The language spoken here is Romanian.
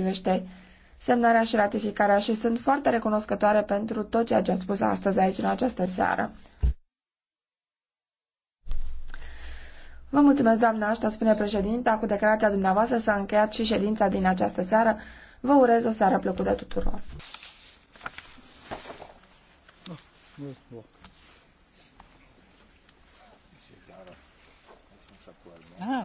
privește semnarea și ratificarea și sunt foarte recunoscătoare pentru tot ceea ce ați spus astăzi aici în această seară. Vă mulțumesc, doamna Aștă, spune președinta. Cu declarația dumneavoastră s-a încheiat și ședința din această seară. Vă urez o seară plăcută tuturor. Ah.